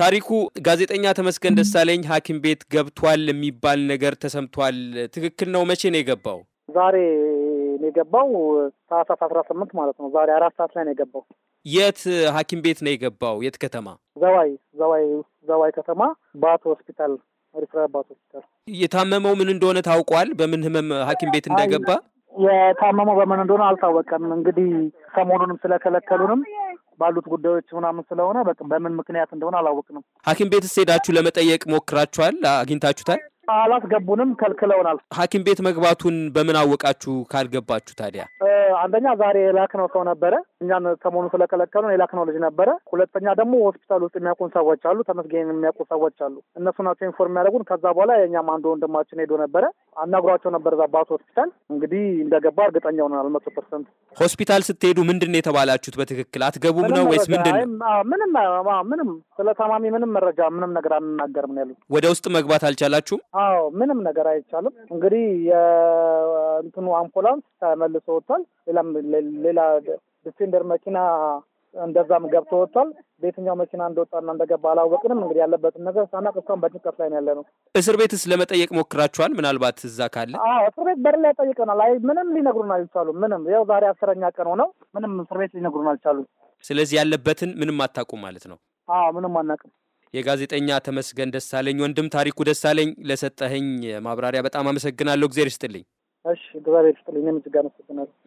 ታሪኩ ጋዜጠኛ ተመስገን ደሳለኝ ሐኪም ቤት ገብቷል የሚባል ነገር ተሰምቷል። ትክክል ነው? መቼ ነው የገባው? ዛሬ ነው የገባው። ሰዓታት አስራ ስምንት ማለት ነው። ዛሬ አራት ሰዓት ላይ ነው የገባው። የት ሐኪም ቤት ነው የገባው? የት ከተማ? ዘዋይ ዘዋይ ዘዋይ ከተማ በአቶ ሆስፒታል ሪፍራ ባቶ ሆስፒታል። የታመመው ምን እንደሆነ ታውቋል? በምን ህመም ሐኪም ቤት እንደገባ የታመመው በምን እንደሆነ አልታወቀም። እንግዲህ ሰሞኑንም ስለከለከሉንም ባሉት ጉዳዮች ምናምን ስለሆነ በምን ምክንያት እንደሆነ አላወቅንም። ሐኪም ቤት ሄዳችሁ ለመጠየቅ ሞክራችኋል? አግኝታችሁታል? አላስገቡንም፣ ከልክለውናል። ሐኪም ቤት መግባቱን በምን አወቃችሁ? ካልገባችሁ ታዲያ አንደኛ ዛሬ የላክነው ሰው ነበረ፣ እኛን ሰሞኑን ስለከለከሉን የላክነው ልጅ ነበረ። ሁለተኛ ደግሞ ሆስፒታል ውስጥ የሚያውቁን ሰዎች አሉ፣ ተመስገን የሚያውቁ ሰዎች አሉ። እነሱ ናቸው ኢንፎርም ያደረጉን። ከዛ በኋላ የእኛም አንዱ ወንድማችን ሄዶ ነበረ አናግሯቸው ነበር እዛ ሆስፒታል። እንግዲህ እንደገባ እርግጠኛ ሆነናል መቶ ፐርሰንት። ሆስፒታል ስትሄዱ ምንድን ነው የተባላችሁት? በትክክል አትገቡም ነው ወይስ ምንድን ነው? ምንም ምንም ስለ ታማሚ ምንም መረጃ ምንም ነገር አንናገርም ነው ያሉት። ወደ ውስጥ መግባት አልቻላችሁም? አዎ ምንም ነገር አይቻልም። እንግዲህ የእንትኑ አምቡላንስ ተመልሶ ወጥቷል። ሌላ ሌላ ዲፌንደር መኪና እንደዛም ገብቶ ወጥቷል። በየትኛው መኪና እንደወጣና እንደገባ አላወቅንም። እንግዲህ ያለበትን ነገር ሳናቅ እስካሁን በጭንቀት ላይ ነው ያለ ነው። እስር ቤትስ ለመጠየቅ ሞክራችኋል? ምናልባት እዛ ካለ እስር ቤት በር ላይ ጠይቀናል። አይ ምንም ሊነግሩን አልቻሉ። ምንም ያው ዛሬ አስረኛ ቀን ሆነው ምንም እስር ቤት ሊነግሩን አልቻሉ። ስለዚህ ያለበትን ምንም አታውቁም ማለት ነው? አዎ ምንም አናውቅም። የጋዜጠኛ ተመስገን ደሳለኝ ወንድም ታሪኩ ደሳለኝ ለሰጠኸኝ ማብራሪያ በጣም አመሰግናለሁ። እግዜር ይስጥልኝ። እሺ እግዚአብሔር ይስጥልኝ። እኔም እጅግ አመሰግናለሁ።